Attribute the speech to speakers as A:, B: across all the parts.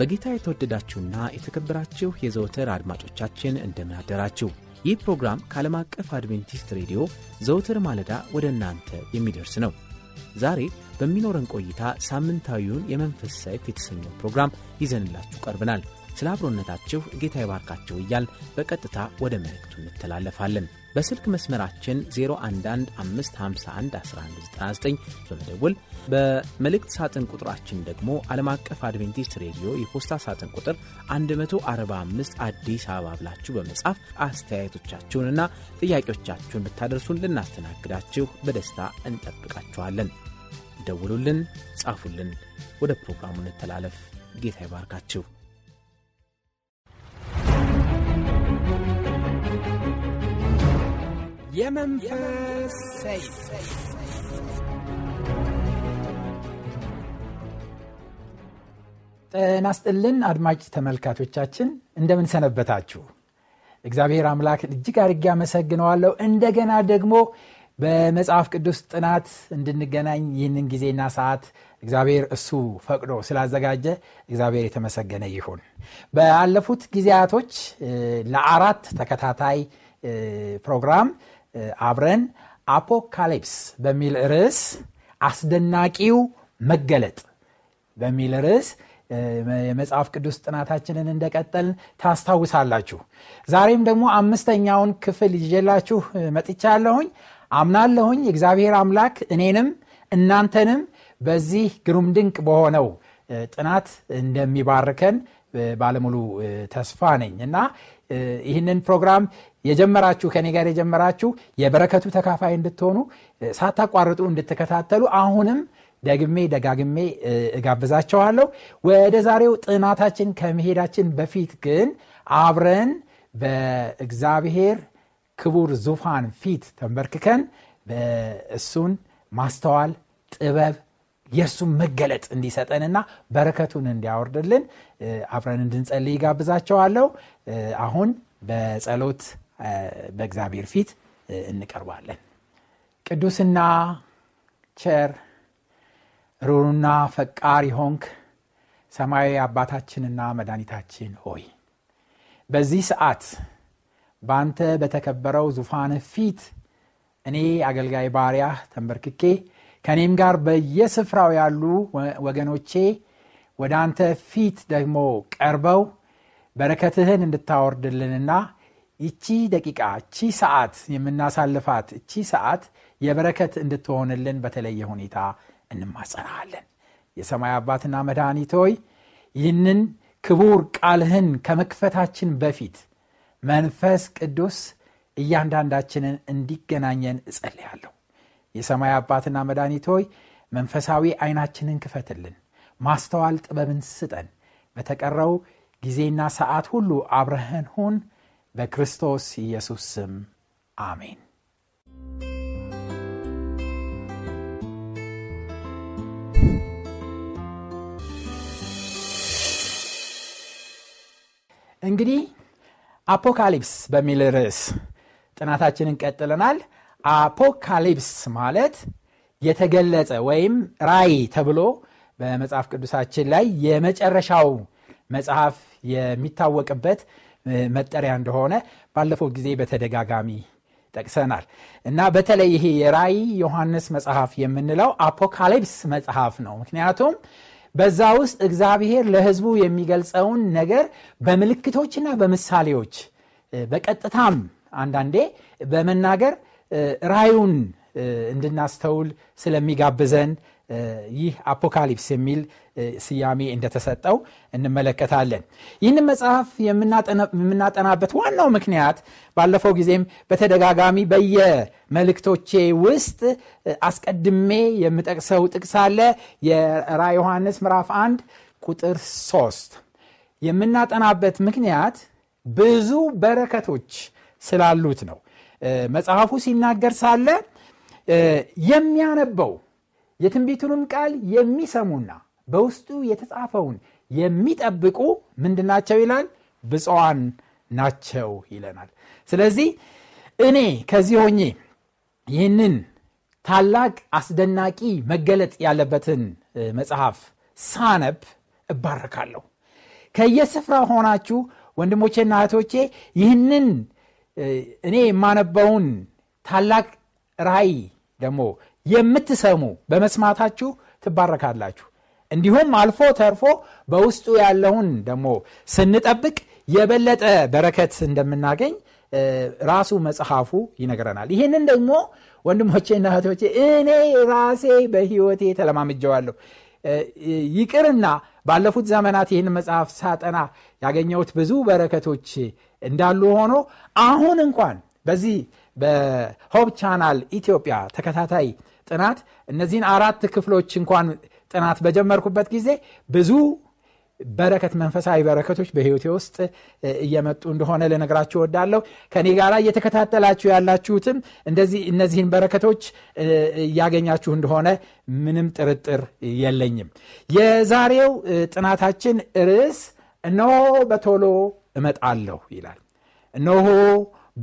A: በጌታ የተወደዳችሁና የተከበራችሁ የዘወትር አድማጮቻችን እንደምናደራችሁ ይህ ፕሮግራም ከዓለም አቀፍ አድቬንቲስት ሬዲዮ ዘወትር ማለዳ ወደ እናንተ የሚደርስ ነው። ዛሬ በሚኖረን ቆይታ ሳምንታዊውን የመንፈስ ሳይፍ የተሰኘው ፕሮግራም ይዘንላችሁ ቀርብናል። ስለ አብሮነታችሁ ጌታ ይባርካችሁ እያል በቀጥታ ወደ መልእክቱ እንተላለፋለን። በስልክ መስመራችን 0115511199 በመደወል በመልእክት ሳጥን ቁጥራችን ደግሞ ዓለም አቀፍ አድቬንቲስት ሬዲዮ የፖስታ ሳጥን ቁጥር 145 አዲስ አበባ ብላችሁ በመጻፍ አስተያየቶቻችሁንና ጥያቄዎቻችሁን ብታደርሱን ልናስተናግዳችሁ በደስታ እንጠብቃችኋለን። ደውሉልን፣ ጻፉልን። ወደ ፕሮግራሙ እንተላለፍ። ጌታ ይባርካችሁ።
B: የመንፈስ ሰይፍ አድማጭ ተመልካቾቻችን እንደምን ሰነበታችሁ እግዚአብሔር አምላክ እጅግ አድርጌ አመሰግነዋለሁ እንደገና ደግሞ በመጽሐፍ ቅዱስ ጥናት እንድንገናኝ ይህንን ጊዜና ሰዓት እግዚአብሔር እሱ ፈቅዶ ስላዘጋጀ እግዚአብሔር የተመሰገነ ይሁን በአለፉት ጊዜያቶች ለአራት ተከታታይ ፕሮግራም አብረን አፖካሊፕስ በሚል ርዕስ አስደናቂው መገለጥ በሚል ርዕስ የመጽሐፍ ቅዱስ ጥናታችንን እንደቀጠል ታስታውሳላችሁ ዛሬም ደግሞ አምስተኛውን ክፍል ይዤላችሁ ያለሁኝ አምናለሁኝ እግዚአብሔር አምላክ እኔንም እናንተንም በዚህ ግሩም ድንቅ በሆነው ጥናት እንደሚባርከን ባለሙሉ ተስፋ ነኝ እና ይህንን ፕሮግራም የጀመራችሁ ከኔ ጋር የጀመራችሁ የበረከቱ ተካፋይ እንድትሆኑ ሳታቋርጡ እንድትከታተሉ አሁንም ደግሜ ደጋግሜ እጋብዛቸዋለሁ። ወደ ዛሬው ጥናታችን ከመሄዳችን በፊት ግን አብረን በእግዚአብሔር ክቡር ዙፋን ፊት ተንበርክከን እሱን ማስተዋል ጥበብ የእርሱን መገለጥ እንዲሰጠንና በረከቱን እንዲያወርድልን አብረን እንድንጸልይ ይጋብዛቸዋለው አሁን በጸሎት በእግዚአብሔር ፊት እንቀርባለን ቅዱስና ቸር ሩሩና ፈቃሪ ሆንክ ሰማያዊ አባታችንና መድኃኒታችን ሆይ በዚህ ሰዓት በአንተ በተከበረው ዙፋንህ ፊት እኔ አገልጋይ ባሪያህ ተንበርክኬ ከእኔም ጋር በየስፍራው ያሉ ወገኖቼ ወደ አንተ ፊት ደግሞ ቀርበው በረከትህን እንድታወርድልንና ይቺ ደቂቃ እቺ ሰዓት የምናሳልፋት እቺ ሰዓት የበረከት እንድትሆንልን በተለየ ሁኔታ እንማጸናሃለን የሰማይ አባትና መድኃኒቶይ ይህንን ክቡር ቃልህን ከመክፈታችን በፊት መንፈስ ቅዱስ እያንዳንዳችንን እንዲገናኘን እጸልያለሁ የሰማይ አባትና መድኃኒት ሆይ መንፈሳዊ ዐይናችንን ክፈትልን ማስተዋል ጥበብን ስጠን በተቀረው ጊዜና ሰዓት ሁሉ አብረህን ሁን በክርስቶስ ኢየሱስ ስም አሜን እንግዲህ አፖካሊፕስ በሚል ርዕስ ጥናታችንን ቀጥለናል አፖካሊፕስ ማለት የተገለጸ ወይም ራይ ተብሎ በመጽሐፍ ቅዱሳችን ላይ የመጨረሻው መጽሐፍ የሚታወቅበት መጠሪያ እንደሆነ ባለፈው ጊዜ በተደጋጋሚ ጠቅሰናል እና በተለይ ይሄ የራይ ዮሐንስ መጽሐፍ የምንለው አፖካሊፕስ መጽሐፍ ነው ምክንያቱም በዛ ውስጥ እግዚአብሔር ለህዝቡ የሚገልጸውን ነገር በምልክቶችና በምሳሌዎች በቀጥታም አንዳንዴ በመናገር ራዩን እንድናስተውል ስለሚጋብዘን ይህ አፖካሊፕስ የሚል ስያሜ እንደተሰጠው እንመለከታለን ይህን መጽሐፍ የምናጠናበት ዋናው ምክንያት ባለፈው ጊዜም በተደጋጋሚ በየመልእክቶቼ ውስጥ አስቀድሜ የምጠቅሰው ጥቅስ አለ የራ ዮሐንስ ምዕራፍ 1 ቁጥር 3 የምናጠናበት ምክንያት ብዙ በረከቶች ስላሉት ነው መጽሐፉ ሲናገር ሳለ የሚያነበው የትንቢቱንም ቃል የሚሰሙና በውስጡ የተጻፈውን የሚጠብቁ ምንድናቸው ይላል ብፅዋን ናቸው ይለናል ስለዚህ እኔ ከዚህ ሆኜ ይህንን ታላቅ አስደናቂ መገለጥ ያለበትን መጽሐፍ ሳነብ እባረካለሁ ከየስፍራ ሆናችሁ ወንድሞቼና እህቶቼ ይህንን እኔ የማነበውን ታላቅ ራእይ ደግሞ የምትሰሙ በመስማታችሁ ትባረካላችሁ። እንዲሁም አልፎ ተርፎ በውስጡ ያለውን ደግሞ ስንጠብቅ የበለጠ በረከት እንደምናገኝ ራሱ መጽሐፉ ይነግረናል። ይህንን ደግሞ ና እህቶቼ እኔ ራሴ በህይወቴ ተለማምጀዋለሁ። ይቅርና ባለፉት ዘመናት ይህን መጽሐፍ ሳጠና ያገኘሁት ብዙ በረከቶች እንዳሉ ሆኖ አሁን እንኳን በዚህ በሆብ ቻናል ኢትዮጵያ ተከታታይ ጥናት እነዚህን አራት ክፍሎች እንኳን ጥናት በጀመርኩበት ጊዜ ብዙ በረከት መንፈሳዊ በረከቶች በህይወቴ ውስጥ እየመጡ እንደሆነ ልነግራችሁ ወዳለሁ ከኔ ጋር እየተከታተላችሁ ያላችሁትም እንደዚህ እነዚህን በረከቶች እያገኛችሁ እንደሆነ ምንም ጥርጥር የለኝም የዛሬው ጥናታችን ርዕስ እነሆ በቶሎ እመጣለሁ ይላል እነሆ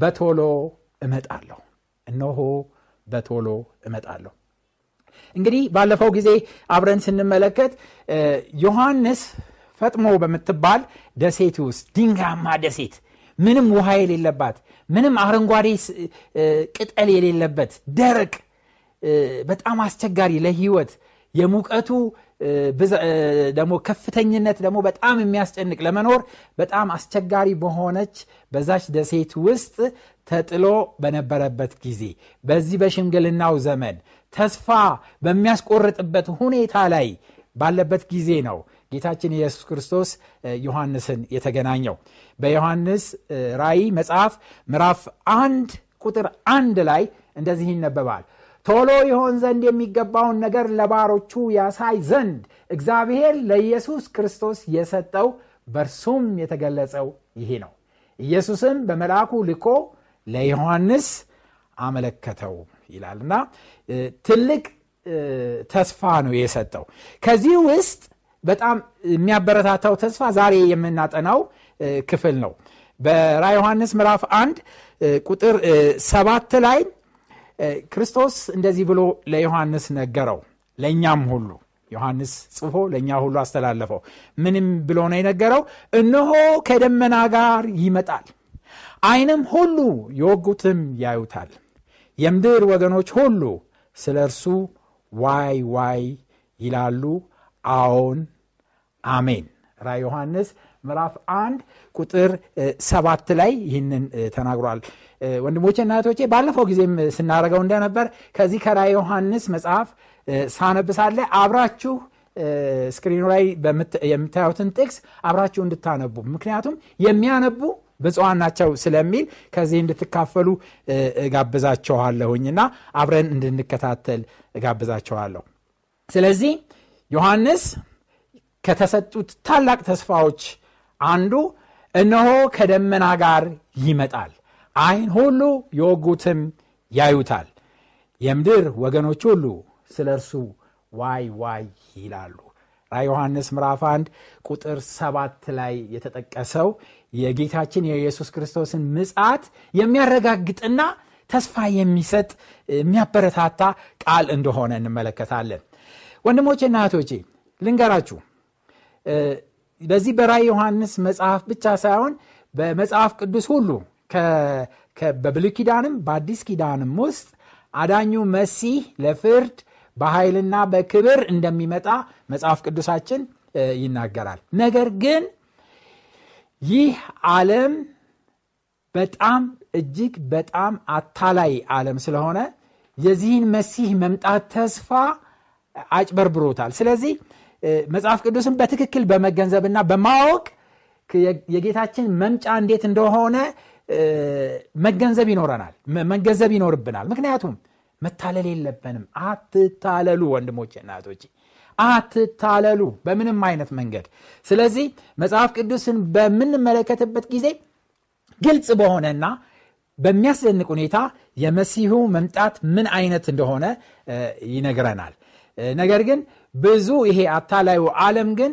B: በቶሎ እመጣለሁ እነሆ በቶሎ እመጣለሁ እንግዲህ ባለፈው ጊዜ አብረን ስንመለከት ዮሐንስ ፈጥሞ በምትባል ደሴት ውስጥ ድንጋያማ ደሴት ምንም ውሃ የሌለባት ምንም አረንጓዴ ቅጠል የሌለበት ደረቅ በጣም አስቸጋሪ ለህይወት የሙቀቱ ደግሞ ከፍተኝነት ደግሞ በጣም የሚያስጨንቅ ለመኖር በጣም አስቸጋሪ በሆነች በዛች ደሴት ውስጥ ተጥሎ በነበረበት ጊዜ በዚህ በሽምግልናው ዘመን ተስፋ በሚያስቆርጥበት ሁኔታ ላይ ባለበት ጊዜ ነው ጌታችን ኢየሱስ ክርስቶስ ዮሐንስን የተገናኘው። በዮሐንስ ራይ መጽሐፍ ምዕራፍ አንድ ቁጥር አንድ ላይ እንደዚህ ይነበባል ቶሎ ይሆን ዘንድ የሚገባውን ነገር ለባሮቹ ያሳይ ዘንድ እግዚአብሔር ለኢየሱስ ክርስቶስ የሰጠው በእርሱም የተገለጸው ይሄ ነው። ኢየሱስም በመልአኩ ልኮ ለዮሐንስ አመለከተው ይላልና ትልቅ ተስፋ ነው የሰጠው። ከዚህ ውስጥ በጣም የሚያበረታታው ተስፋ ዛሬ የምናጠናው ክፍል ነው። በራ ዮሐንስ ምዕራፍ አንድ ቁጥር ሰባት ላይ ክርስቶስ እንደዚህ ብሎ ለዮሐንስ ነገረው ለእኛም ሁሉ ዮሐንስ ጽፎ ለእኛ ሁሉ አስተላለፈው ምንም ብሎ ነው የነገረው እነሆ ከደመና ጋር ይመጣል አይንም ሁሉ የወጉትም ያዩታል የምድር ወገኖች ሁሉ ስለ እርሱ ዋይ ዋይ ይላሉ አዎን አሜን ራ ዮሐንስ ምዕራፍ አንድ ቁጥር ሰባት ላይ ይህንን ተናግሯል ወንድሞቼ እና እህቶቼ ባለፈው ጊዜም ስናደረገው እንደነበር ከዚህ ከራ ዮሐንስ መጽሐፍ ሳነብሳለ አብራችሁ ስክሪኑ ላይ የምታዩትን ጥቅስ አብራችሁ እንድታነቡ ምክንያቱም የሚያነቡ ብፅዋን ናቸው ስለሚል ከዚህ እንድትካፈሉ እጋብዛችኋለሁኝ እና አብረን እንድንከታተል እጋብዛቸኋለሁ ስለዚህ ዮሐንስ ከተሰጡት ታላቅ ተስፋዎች አንዱ እነሆ ከደመና ጋር ይመጣል አይን ሁሉ የወጉትም ያዩታል፣ የምድር ወገኖች ሁሉ ስለ እርሱ ዋይ ዋይ ይላሉ። ራ ዮሐንስ ምራፍ 1 ቁጥር 7 ላይ የተጠቀሰው የጌታችን የኢየሱስ ክርስቶስን ምጽት የሚያረጋግጥና ተስፋ የሚሰጥ የሚያበረታታ ቃል እንደሆነ እንመለከታለን። ና እህቶቼ ልንገራችሁ፣ በዚህ በራይ ዮሐንስ መጽሐፍ ብቻ ሳይሆን በመጽሐፍ ቅዱስ ሁሉ በብሉይ ኪዳንም በአዲስ ኪዳንም ውስጥ አዳኙ መሲህ ለፍርድ በኃይልና በክብር እንደሚመጣ መጽሐፍ ቅዱሳችን ይናገራል። ነገር ግን ይህ ዓለም በጣም እጅግ በጣም አታላይ ዓለም ስለሆነ የዚህን መሲህ መምጣት ተስፋ አጭበርብሮታል። ስለዚህ መጽሐፍ ቅዱስን በትክክል በመገንዘብና በማወቅ የጌታችን መምጫ እንዴት እንደሆነ መገንዘብ ይኖረናል መገንዘብ ይኖርብናል ምክንያቱም መታለል የለብንም አትታለሉ ወንድሞች እናቶች አትታለሉ በምንም አይነት መንገድ ስለዚህ መጽሐፍ ቅዱስን በምንመለከትበት ጊዜ ግልጽ በሆነና በሚያስደንቅ ሁኔታ የመሲሁ መምጣት ምን አይነት እንደሆነ ይነግረናል ነገር ግን ብዙ ይሄ አታላዩ ዓለም ግን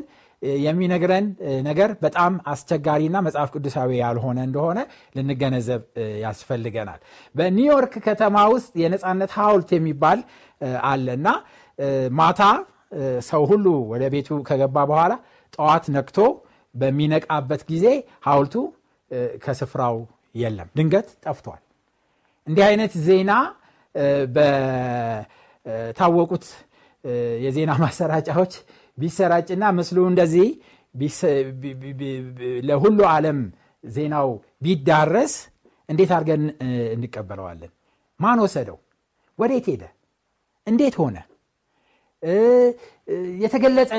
B: የሚነግረን ነገር በጣም አስቸጋሪና መጽሐፍ ቅዱሳዊ ያልሆነ እንደሆነ ልንገነዘብ ያስፈልገናል። በኒውዮርክ ከተማ ውስጥ የነፃነት ሀውልት የሚባል አለና ማታ ሰው ሁሉ ወደ ቤቱ ከገባ በኋላ ጠዋት ነክቶ በሚነቃበት ጊዜ ሀውልቱ ከስፍራው የለም፣ ድንገት ጠፍቷል። እንዲህ አይነት ዜና በታወቁት የዜና ማሰራጫዎች ቢሰራጭና ምስሉ እንደዚህ ለሁሉ ዓለም ዜናው ቢዳረስ እንዴት አድርገን እንቀበለዋለን? ማን ወሰደው? ወዴት ሄደ? እንዴት ሆነ? የተገለጸ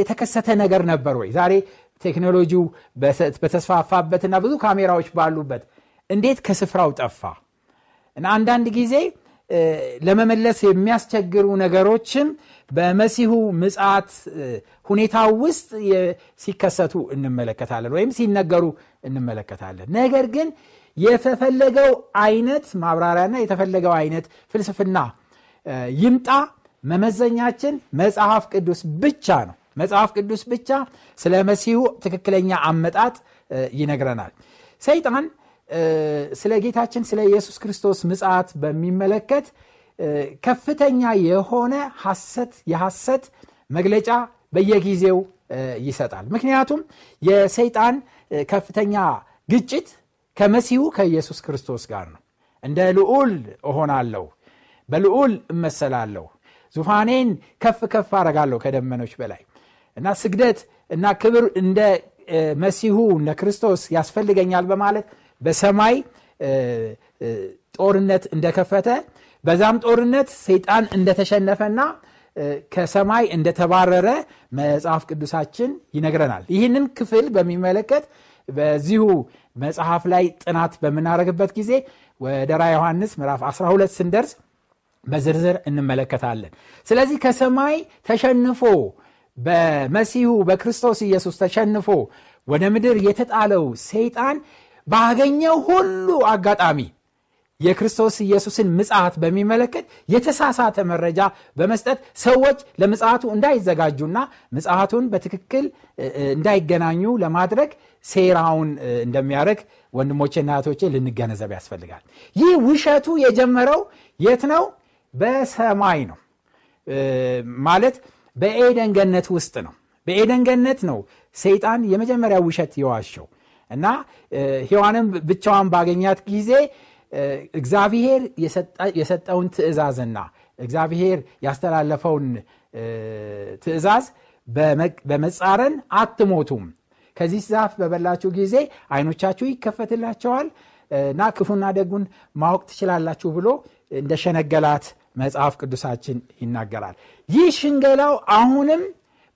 B: የተከሰተ ነገር ነበር ወይ? ዛሬ ቴክኖሎጂው በተስፋፋበትና ብዙ ካሜራዎች ባሉበት እንዴት ከስፍራው ጠፋ? እና አንዳንድ ጊዜ ለመመለስ የሚያስቸግሩ ነገሮችም በመሲሁ ምጽት ሁኔታ ውስጥ ሲከሰቱ እንመለከታለን ወይም ሲነገሩ እንመለከታለን። ነገር ግን የተፈለገው አይነት ማብራሪያና የተፈለገው አይነት ፍልስፍና ይምጣ መመዘኛችን መጽሐፍ ቅዱስ ብቻ ነው። መጽሐፍ ቅዱስ ብቻ ስለ መሲሁ ትክክለኛ አመጣጥ ይነግረናል። ሰይጣን ስለ ጌታችን ስለ ኢየሱስ ክርስቶስ ምጽት በሚመለከት ከፍተኛ የሆነ ሐሰት የሐሰት መግለጫ በየጊዜው ይሰጣል። ምክንያቱም የሰይጣን ከፍተኛ ግጭት ከመሲሁ ከኢየሱስ ክርስቶስ ጋር ነው። እንደ ልዑል እሆናለሁ፣ በልዑል እመሰላለሁ፣ ዙፋኔን ከፍ ከፍ አረጋለሁ ከደመኖች በላይ እና ስግደት እና ክብር እንደ መሲሁ እንደ ክርስቶስ ያስፈልገኛል በማለት በሰማይ ጦርነት እንደከፈተ በዛም ጦርነት ሰይጣን እንደተሸነፈና ከሰማይ እንደተባረረ መጽሐፍ ቅዱሳችን ይነግረናል። ይህንን ክፍል በሚመለከት በዚሁ መጽሐፍ ላይ ጥናት በምናደርግበት ጊዜ ወደ ራ ዮሐንስ ምዕራፍ 12 ስንደርስ በዝርዝር እንመለከታለን። ስለዚህ ከሰማይ ተሸንፎ በመሲሁ በክርስቶስ ኢየሱስ ተሸንፎ ወደ ምድር የተጣለው ሰይጣን ባገኘው ሁሉ አጋጣሚ የክርስቶስ ኢየሱስን ምጽት በሚመለከት የተሳሳተ መረጃ በመስጠት ሰዎች ለምጽቱ እንዳይዘጋጁና ምጽቱን በትክክል እንዳይገናኙ ለማድረግ ሴራውን እንደሚያደርግ ና እህቶቼ ልንገነዘብ ያስፈልጋል። ይህ ውሸቱ የጀመረው የት ነው? በሰማይ ነው ማለት በኤደንገነት ውስጥ ነው። በኤደንገነት ነው ሰይጣን የመጀመሪያ ውሸት የዋሸው። እና ሔዋንም ብቻዋን ባገኛት ጊዜ እግዚአብሔር የሰጠውን ትእዛዝና እግዚአብሔር ያስተላለፈውን ትእዛዝ በመጻረን አትሞቱም፣ ከዚህ ዛፍ በበላችሁ ጊዜ አይኖቻችሁ ይከፈትላቸዋል እና ክፉና ደጉን ማወቅ ትችላላችሁ ብሎ እንደሸነገላት መጽሐፍ ቅዱሳችን ይናገራል። ይህ ሽንገላው አሁንም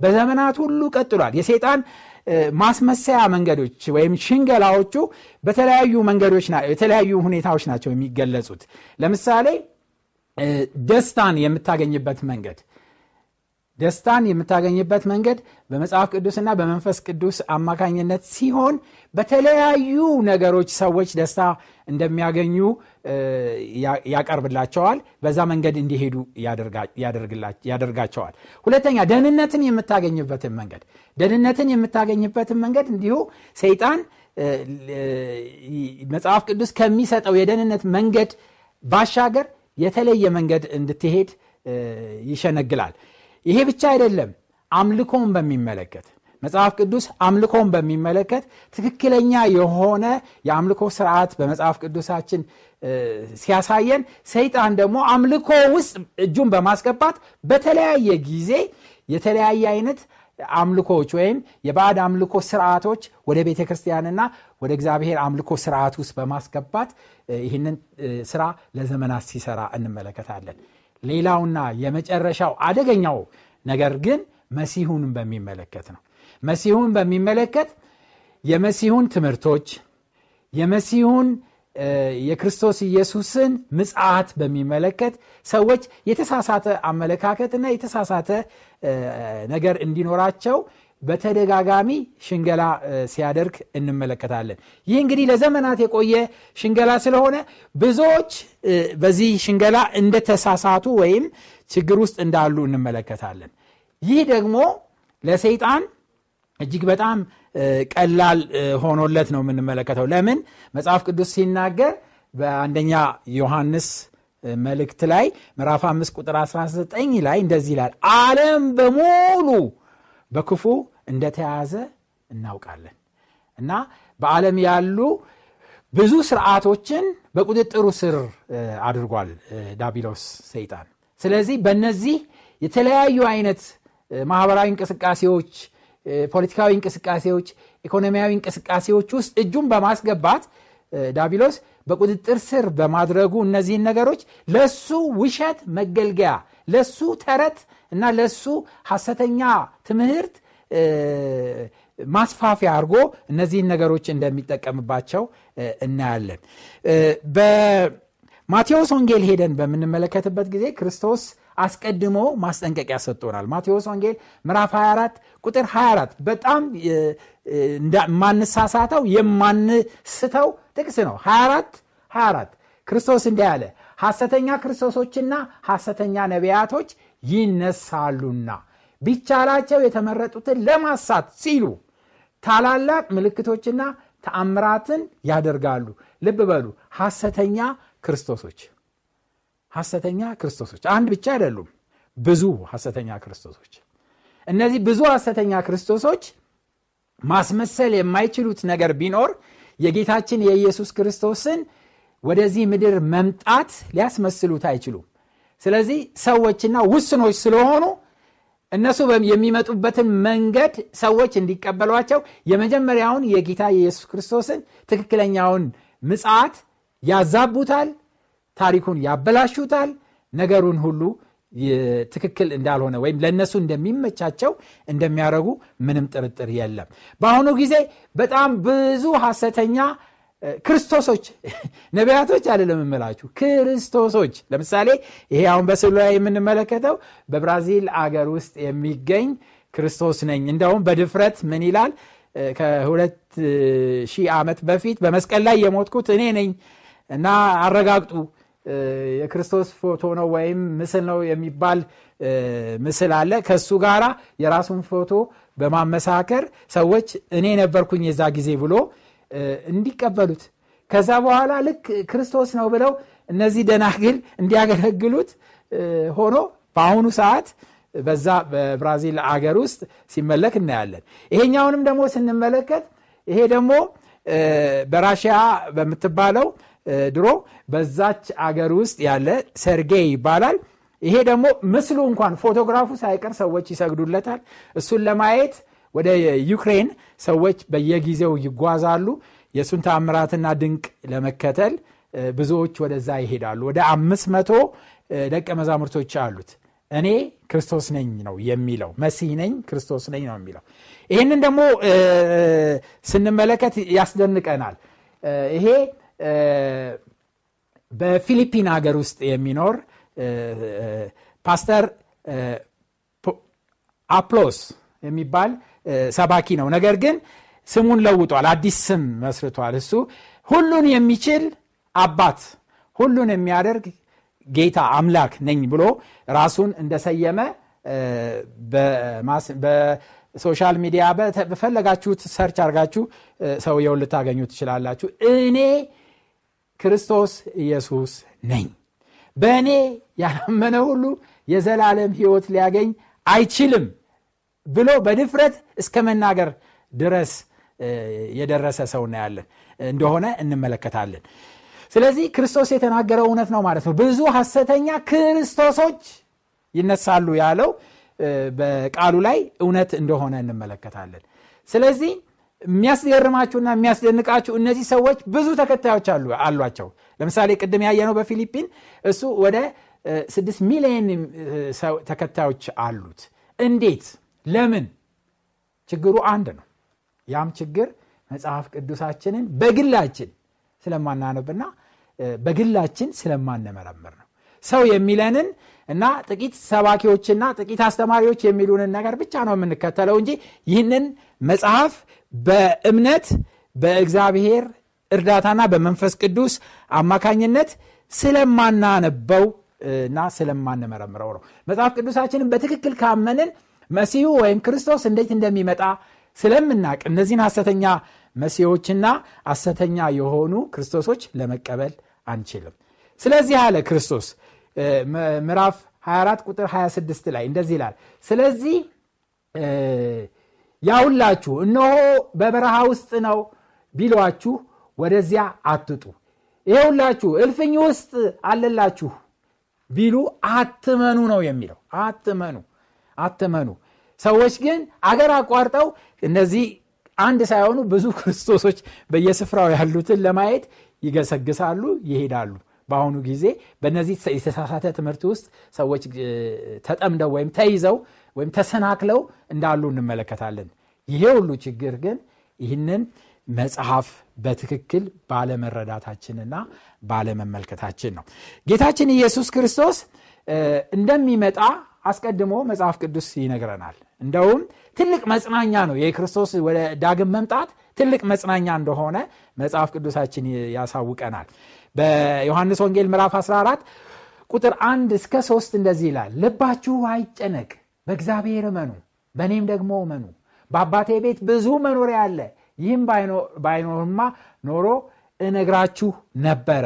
B: በዘመናት ሁሉ ቀጥሏል። የሰይጣን ማስመሰያ መንገዶች ወይም ሽንገላዎቹ በተለያዩ መንገዶች የተለያዩ ሁኔታዎች ናቸው የሚገለጹት። ለምሳሌ ደስታን የምታገኝበት መንገድ ደስታን የምታገኝበት መንገድ በመጽሐፍ ቅዱስና በመንፈስ ቅዱስ አማካኝነት ሲሆን በተለያዩ ነገሮች ሰዎች ደስታ እንደሚያገኙ ያቀርብላቸዋል። በዛ መንገድ እንዲሄዱ ያደርጋቸዋል። ሁለተኛ ደህንነትን የምታገኝበትን መንገድ ደህንነትን የምታገኝበትን መንገድ እንዲሁ ሰይጣን መጽሐፍ ቅዱስ ከሚሰጠው የደህንነት መንገድ ባሻገር የተለየ መንገድ እንድትሄድ ይሸነግላል። ይሄ ብቻ አይደለም። አምልኮን በሚመለከት መጽሐፍ ቅዱስ አምልኮን በሚመለከት ትክክለኛ የሆነ የአምልኮ ስርዓት በመጽሐፍ ቅዱሳችን ሲያሳየን፣ ሰይጣን ደግሞ አምልኮ ውስጥ እጁን በማስገባት በተለያየ ጊዜ የተለያየ አይነት አምልኮዎች ወይም የባዕድ አምልኮ ስርዓቶች ወደ ቤተ ክርስቲያንና ወደ እግዚአብሔር አምልኮ ስርዓት ውስጥ በማስገባት ይህንን ስራ ለዘመናት ሲሰራ እንመለከታለን። ሌላውና የመጨረሻው አደገኛው ነገር ግን መሲሁን በሚመለከት ነው። መሲሁን በሚመለከት የመሲሁን ትምህርቶች የመሲሁን የክርስቶስ ኢየሱስን ምጽት በሚመለከት ሰዎች የተሳሳተ አመለካከትና የተሳሳተ ነገር እንዲኖራቸው በተደጋጋሚ ሽንገላ ሲያደርግ እንመለከታለን። ይህ እንግዲህ ለዘመናት የቆየ ሽንገላ ስለሆነ ብዙዎች በዚህ ሽንገላ እንደተሳሳቱ ወይም ችግር ውስጥ እንዳሉ እንመለከታለን። ይህ ደግሞ ለሰይጣን እጅግ በጣም ቀላል ሆኖለት ነው የምንመለከተው። ለምን? መጽሐፍ ቅዱስ ሲናገር በአንደኛ ዮሐንስ መልእክት ላይ ምዕራፍ 5 ቁጥር 19 ላይ እንደዚህ ይላል፣ አለም በሙሉ በክፉ እንደተያዘ እናውቃለን እና በዓለም ያሉ ብዙ ስርዓቶችን በቁጥጥሩ ስር አድርጓል ዳቢሎስ ሰይጣን። ስለዚህ በእነዚህ የተለያዩ አይነት ማህበራዊ እንቅስቃሴዎች፣ ፖለቲካዊ እንቅስቃሴዎች፣ ኢኮኖሚያዊ እንቅስቃሴዎች ውስጥ እጁን በማስገባት ዳቢሎስ በቁጥጥር ስር በማድረጉ እነዚህን ነገሮች ለሱ ውሸት መገልገያ፣ ለሱ ተረት እና ለሱ ሐሰተኛ ትምህርት ማስፋፊያ አድርጎ እነዚህን ነገሮች እንደሚጠቀምባቸው እናያለን። በማቴዎስ ወንጌል ሄደን በምንመለከትበት ጊዜ ክርስቶስ አስቀድሞ ማስጠንቀቂያ ሰጥቶናል። ማቴዎስ ወንጌል ምዕራፍ 24 ቁጥር 24 በጣም ማንሳሳተው የማንስተው ጥቅስ ነው። 24 24 ክርስቶስ እንዲህ አለ፣ ሐሰተኛ ክርስቶሶችና ሐሰተኛ ነቢያቶች ይነሳሉና ቢቻላቸው የተመረጡትን ለማሳት ሲሉ ታላላቅ ምልክቶችና ተአምራትን ያደርጋሉ። ልብ በሉ፣ ሐሰተኛ ክርስቶሶች ሐሰተኛ ክርስቶሶች አንድ ብቻ አይደሉም፣ ብዙ ሐሰተኛ ክርስቶሶች። እነዚህ ብዙ ሐሰተኛ ክርስቶሶች ማስመሰል የማይችሉት ነገር ቢኖር የጌታችን የኢየሱስ ክርስቶስን ወደዚህ ምድር መምጣት ሊያስመስሉት አይችሉም። ስለዚህ ሰዎችና ውስኖች ስለሆኑ እነሱ የሚመጡበትን መንገድ ሰዎች እንዲቀበሏቸው የመጀመሪያውን የጌታ የኢየሱስ ክርስቶስን ትክክለኛውን ምጽት ያዛቡታል፣ ታሪኩን ያበላሹታል፣ ነገሩን ሁሉ ትክክል እንዳልሆነ ወይም ለእነሱ እንደሚመቻቸው እንደሚያደርጉ ምንም ጥርጥር የለም። በአሁኑ ጊዜ በጣም ብዙ ሐሰተኛ ክርስቶሶች ነቢያቶች አይደለም የምላችሁ ክርስቶሶች ለምሳሌ ይሄ አሁን በስዕሉ ላይ የምንመለከተው በብራዚል አገር ውስጥ የሚገኝ ክርስቶስ ነኝ እንደውም በድፍረት ምን ይላል ከሁለት ሺህ ዓመት በፊት በመስቀል ላይ የሞትኩት እኔ ነኝ እና አረጋግጡ የክርስቶስ ፎቶ ነው ወይም ምስል ነው የሚባል ምስል አለ ከእሱ ጋራ የራሱን ፎቶ በማመሳከር ሰዎች እኔ ነበርኩኝ የዛ ጊዜ ብሎ እንዲቀበሉት ከዛ በኋላ ልክ ክርስቶስ ነው ብለው እነዚህ ደናግል እንዲያገለግሉት ሆኖ በአሁኑ ሰዓት በዛ በብራዚል አገር ውስጥ ሲመለክ እናያለን። ይሄኛውንም ደግሞ ስንመለከት ይሄ ደግሞ በራሽያ በምትባለው ድሮ በዛች አገር ውስጥ ያለ ሰርጌይ ይባላል። ይሄ ደግሞ ምስሉ እንኳን ፎቶግራፉ ሳይቀር ሰዎች ይሰግዱለታል። እሱን ለማየት ወደ ዩክሬን ሰዎች በየጊዜው ይጓዛሉ። የእሱን ተአምራትና ድንቅ ለመከተል ብዙዎች ወደዛ ይሄዳሉ። ወደ አምስት መቶ ደቀ መዛሙርቶች አሉት። እኔ ክርስቶስ ነኝ ነው የሚለው። መሲህ ነኝ፣ ክርስቶስ ነኝ ነው የሚለው። ይህንን ደግሞ ስንመለከት ያስደንቀናል። ይሄ በፊሊፒን ሀገር ውስጥ የሚኖር ፓስተር አፕሎስ የሚባል ሰባኪ ነው። ነገር ግን ስሙን ለውጧል፣ አዲስ ስም መስርቷል። እሱ ሁሉን የሚችል አባት፣ ሁሉን የሚያደርግ ጌታ አምላክ ነኝ ብሎ ራሱን እንደሰየመ በሶሻል ሚዲያ በፈለጋችሁት ሰርች አድርጋችሁ ሰውየውን ልታገኙ ትችላላችሁ። እኔ ክርስቶስ ኢየሱስ ነኝ፣ በእኔ ያላመነ ሁሉ የዘላለም ህይወት ሊያገኝ አይችልም ብሎ በድፍረት እስከ መናገር ድረስ የደረሰ ሰው እናያለን እንደሆነ እንመለከታለን። ስለዚህ ክርስቶስ የተናገረው እውነት ነው ማለት ነው። ብዙ ሐሰተኛ ክርስቶሶች ይነሳሉ ያለው በቃሉ ላይ እውነት እንደሆነ እንመለከታለን። ስለዚህ የሚያስገርማችሁና የሚያስደንቃችሁ እነዚህ ሰዎች ብዙ ተከታዮች አሏቸው። ለምሳሌ ቅድም ያየነው በፊሊፒን እሱ ወደ ስድስት ሚሊዮን ተከታዮች አሉት። እንዴት ለምን ችግሩ አንድ ነው ያም ችግር መጽሐፍ ቅዱሳችንን በግላችን ስለማናነብና በግላችን ስለማንመረምር ነው ሰው የሚለንን እና ጥቂት ሰባኪዎችና ጥቂት አስተማሪዎች የሚሉንን ነገር ብቻ ነው የምንከተለው እንጂ ይህንን መጽሐፍ በእምነት በእግዚአብሔር እርዳታና በመንፈስ ቅዱስ አማካኝነት ስለማናነበው እና ስለማንመረምረው ነው መጽሐፍ ቅዱሳችንን በትክክል ካመንን መሲሁ ወይም ክርስቶስ እንዴት እንደሚመጣ ስለምናቅ እነዚህን ሐሰተኛ መሲሆችና አሰተኛ የሆኑ ክርስቶሶች ለመቀበል አንችልም ስለዚህ አለ ክርስቶስ ምዕራፍ 24 ቁጥር 26 ላይ እንደዚህ ይላል ስለዚህ ያሁላችሁ እነሆ በበረሃ ውስጥ ነው ቢሏችሁ ወደዚያ አትጡ ይሄውላችሁ ሁላችሁ እልፍኝ ውስጥ አለላችሁ ቢሉ አትመኑ ነው የሚለው አትመኑ አትመኑ ሰዎች ግን አገር አቋርጠው እነዚህ አንድ ሳይሆኑ ብዙ ክርስቶሶች በየስፍራው ያሉትን ለማየት ይገሰግሳሉ፣ ይሄዳሉ። በአሁኑ ጊዜ በነዚህ የተሳሳተ ትምህርት ውስጥ ሰዎች ተጠምደው ወይም ተይዘው ወይም ተሰናክለው እንዳሉ እንመለከታለን። ይሄ ሁሉ ችግር ግን ይህንን መጽሐፍ በትክክል ባለመረዳታችንና ባለመመልከታችን ነው። ጌታችን ኢየሱስ ክርስቶስ እንደሚመጣ አስቀድሞ መጽሐፍ ቅዱስ ይነግረናል። እንደውም ትልቅ መጽናኛ ነው የክርስቶስ ወደ ዳግም መምጣት ትልቅ መጽናኛ እንደሆነ መጽሐፍ ቅዱሳችን ያሳውቀናል። በዮሐንስ ወንጌል ምዕራፍ 14 ቁጥር 1 እስከ 3 እንደዚህ ይላል፣ ልባችሁ አይጨነቅ፣ በእግዚአብሔር እመኑ፣ በእኔም ደግሞ እመኑ። በአባቴ ቤት ብዙ መኖሪያ አለ፣ ይህም ባይኖርማ ኖሮ እነግራችሁ ነበረ።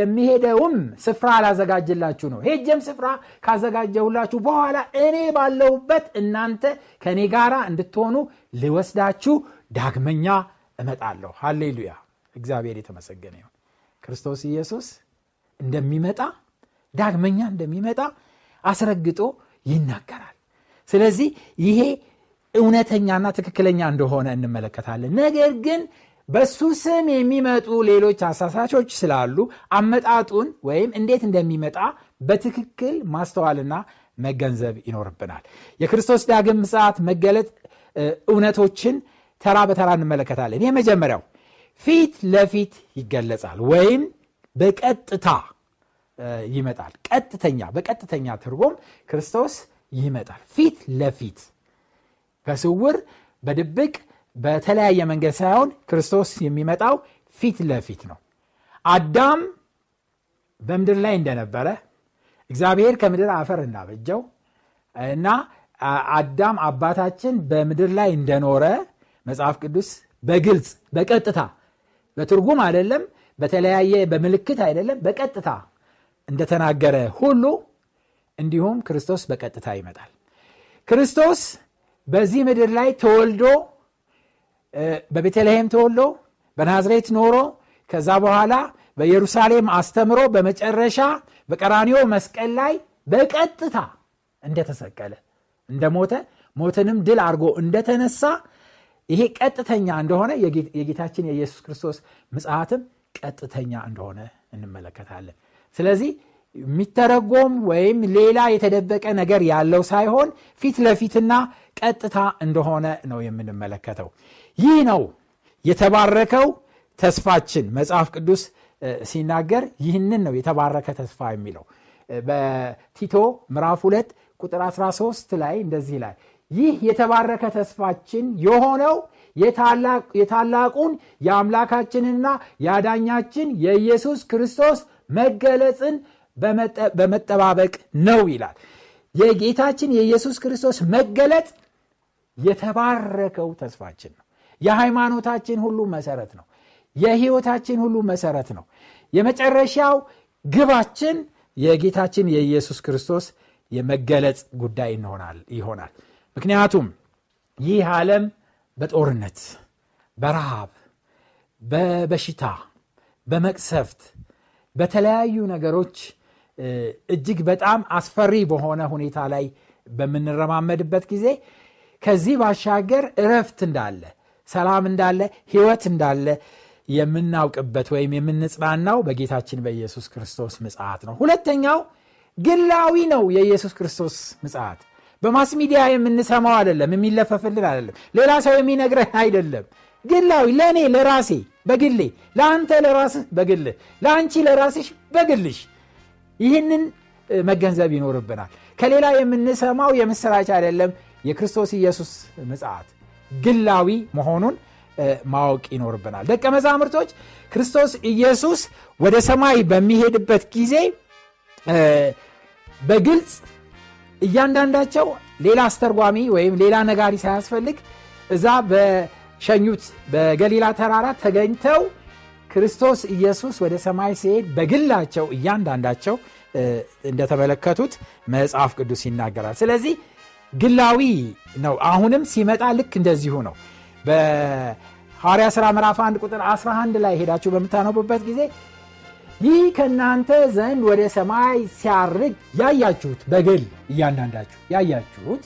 B: የሚሄደውም ስፍራ አላዘጋጅላችሁ ነው። ሄጀም ስፍራ ካዘጋጀሁላችሁ በኋላ እኔ ባለሁበት እናንተ ከእኔ ጋር እንድትሆኑ ልወስዳችሁ ዳግመኛ እመጣለሁ። ሃሌሉያ! እግዚአብሔር የተመሰገነ ይሁን። ክርስቶስ ኢየሱስ እንደሚመጣ ዳግመኛ እንደሚመጣ አስረግጦ ይናገራል። ስለዚህ ይሄ እውነተኛና ትክክለኛ እንደሆነ እንመለከታለን። ነገር ግን በሱ ስም የሚመጡ ሌሎች አሳሳቾች ስላሉ አመጣጡን ወይም እንዴት እንደሚመጣ በትክክል ማስተዋልና መገንዘብ ይኖርብናል። የክርስቶስ ዳግም ምጽአት መገለጥ እውነቶችን ተራ በተራ እንመለከታለን። የመጀመሪያው ፊት ለፊት ይገለጻል ወይም በቀጥታ ይመጣል። ቀጥተኛ በቀጥተኛ ትርጉም ክርስቶስ ይመጣል ፊት ለፊት በስውር በድብቅ በተለያየ መንገድ ሳይሆን ክርስቶስ የሚመጣው ፊት ለፊት ነው አዳም በምድር ላይ እንደነበረ እግዚአብሔር ከምድር አፈር እናበጀው እና አዳም አባታችን በምድር ላይ እንደኖረ መጽሐፍ ቅዱስ በግልጽ በቀጥታ በትርጉም አይደለም በተለያየ በምልክት አይደለም በቀጥታ እንደተናገረ ሁሉ እንዲሁም ክርስቶስ በቀጥታ ይመጣል ክርስቶስ በዚህ ምድር ላይ ተወልዶ በቤተልሔም ተወሎ በናዝሬት ኖሮ ከዛ በኋላ በኢየሩሳሌም አስተምሮ በመጨረሻ በቀራኒዮ መስቀል ላይ በቀጥታ እንደተሰቀለ እንደሞተ ሞትንም ድል አድርጎ እንደተነሳ ይሄ ቀጥተኛ እንደሆነ የጌታችን የኢየሱስ ክርስቶስ ምጽሐትም ቀጥተኛ እንደሆነ እንመለከታለን ስለዚህ የሚተረጎም ወይም ሌላ የተደበቀ ነገር ያለው ሳይሆን ፊት ለፊትና ቀጥታ እንደሆነ ነው የምንመለከተው። ይህ ነው የተባረከው ተስፋችን። መጽሐፍ ቅዱስ ሲናገር ይህንን ነው የተባረከ ተስፋ የሚለው። በቲቶ ምዕራፍ 2 ቁጥር 13 ላይ እንደዚህ ላይ ይህ የተባረከ ተስፋችን የሆነው የታላቁን የአምላካችንና የአዳኛችን የኢየሱስ ክርስቶስ መገለጽን በመጠባበቅ ነው ይላል። የጌታችን የኢየሱስ ክርስቶስ መገለጥ የተባረከው ተስፋችን ነው። የሃይማኖታችን ሁሉ መሰረት ነው። የህይወታችን ሁሉ መሰረት ነው። የመጨረሻው ግባችን የጌታችን የኢየሱስ ክርስቶስ የመገለጽ ጉዳይ ይሆናል። ምክንያቱም ይህ ዓለም በጦርነት፣ በረሃብ፣ በበሽታ፣ በመቅሰፍት፣ በተለያዩ ነገሮች እጅግ በጣም አስፈሪ በሆነ ሁኔታ ላይ በምንረማመድበት ጊዜ ከዚህ ባሻገር እረፍት እንዳለ፣ ሰላም እንዳለ፣ ህይወት እንዳለ የምናውቅበት ወይም የምንጽናናው በጌታችን በኢየሱስ ክርስቶስ ምጽት ነው። ሁለተኛው ግላዊ ነው። የኢየሱስ ክርስቶስ ምጽት በማስ ሚዲያ የምንሰማው አይደለም፣ የሚለፈፍልን አይደለም፣ ሌላ ሰው የሚነግረን አይደለም። ግላዊ ለእኔ ለራሴ በግሌ፣ ለአንተ ለራስህ በግልህ፣ ለአንቺ ለራስሽ በግልሽ ይህንን መገንዘብ ይኖርብናል። ከሌላ የምንሰማው የምስራች አይደለም፣ የክርስቶስ ኢየሱስ ምጽአት ግላዊ መሆኑን ማወቅ ይኖርብናል። ደቀ መዛምርቶች ክርስቶስ ኢየሱስ ወደ ሰማይ በሚሄድበት ጊዜ በግልጽ እያንዳንዳቸው ሌላ አስተርጓሚ ወይም ሌላ ነጋሪ ሳያስፈልግ እዛ በሸኙት በገሊላ ተራራ ተገኝተው ክርስቶስ ኢየሱስ ወደ ሰማይ ሲሄድ በግላቸው እያንዳንዳቸው እንደተመለከቱት መጽሐፍ ቅዱስ ይናገራል። ስለዚህ ግላዊ ነው። አሁንም ሲመጣ ልክ እንደዚሁ ነው። በሐዋርያ ሥራ ምዕራፍ 1 ቁጥር 11 ላይ ሄዳችሁ በምታነቡበት ጊዜ ይህ ከእናንተ ዘንድ ወደ ሰማይ ሲያርግ ያያችሁት በግል እያንዳንዳችሁ ያያችሁት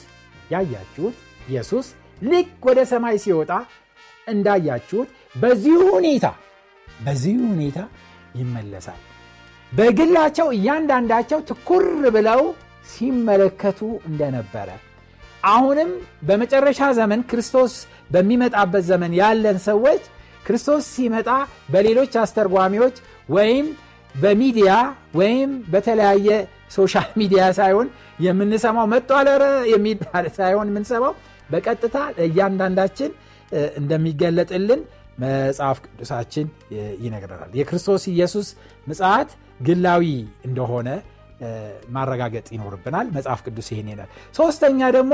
B: ያያችሁት ኢየሱስ ልክ ወደ ሰማይ ሲወጣ እንዳያችሁት በዚህ ሁኔታ በዚህ ሁኔታ ይመለሳል። በግላቸው እያንዳንዳቸው ትኩር ብለው ሲመለከቱ እንደነበረ አሁንም በመጨረሻ ዘመን ክርስቶስ በሚመጣበት ዘመን ያለን ሰዎች ክርስቶስ ሲመጣ በሌሎች አስተርጓሚዎች ወይም በሚዲያ ወይም በተለያየ ሶሻል ሚዲያ ሳይሆን የምንሰማው መጧለረ የሚባል ሳይሆን የምንሰማው በቀጥታ ለእያንዳንዳችን እንደሚገለጥልን መጽሐፍ ቅዱሳችን ይነግረናል። የክርስቶስ ኢየሱስ ምጽአት ግላዊ እንደሆነ ማረጋገጥ ይኖርብናል። መጽሐፍ ቅዱስ ይሄን ይላል። ሶስተኛ ደግሞ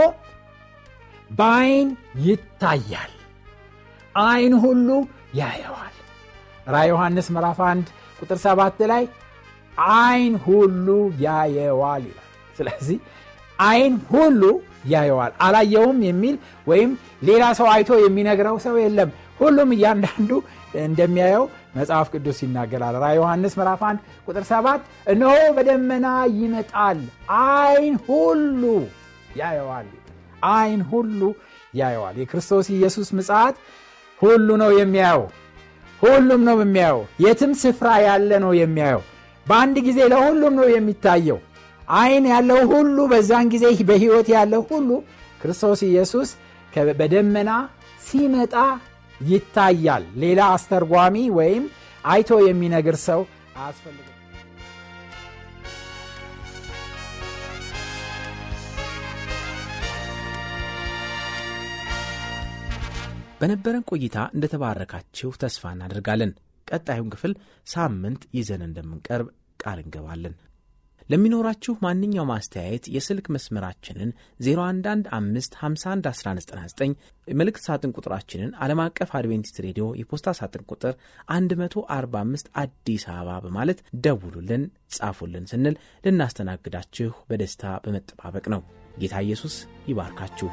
B: በአይን ይታያል፣ አይን ሁሉ ያየዋል። ራ ዮሐንስ ምዕራፍ 1 ቁጥር 7 ላይ አይን ሁሉ ያየዋል ይላል። ስለዚህ አይን ሁሉ ያየዋል። አላየውም የሚል ወይም ሌላ ሰው አይቶ የሚነግረው ሰው የለም። ሁሉም እያንዳንዱ እንደሚያየው መጽሐፍ ቅዱስ ይናገራል። ራ ዮሐንስ ምዕራፍ 1 ቁጥር 7 እነሆ በደመና ይመጣል፣ አይን ሁሉ ያየዋል። አይን ሁሉ ያየዋል። የክርስቶስ ኢየሱስ ምጽት ሁሉ ነው የሚያየው። ሁሉም ነው የሚያየው። የትም ስፍራ ያለ ነው የሚያየው። በአንድ ጊዜ ለሁሉም ነው የሚታየው። አይን ያለው ሁሉ በዛን ጊዜ በህይወት ያለው ሁሉ ክርስቶስ ኢየሱስ በደመና ሲመጣ ይታያል። ሌላ አስተርጓሚ ወይም አይቶ የሚነግር ሰው አያስፈልግም።
A: በነበረን ቆይታ እንደተባረካችሁ ተስፋ እናደርጋለን። ቀጣዩን ክፍል ሳምንት ይዘን እንደምንቀርብ ቃል እንገባለን። ለሚኖራችሁ ማንኛውም አስተያየት የስልክ መስመራችንን 0115511199 መልእክት ሳጥን ቁጥራችንን ዓለም አቀፍ አድቬንቲስት ሬዲዮ የፖስታ ሳጥን ቁጥር 145 አዲስ አበባ በማለት ደውሉልን፣ ጻፉልን ስንል ልናስተናግዳችሁ በደስታ በመጠባበቅ ነው። ጌታ ኢየሱስ ይባርካችሁ።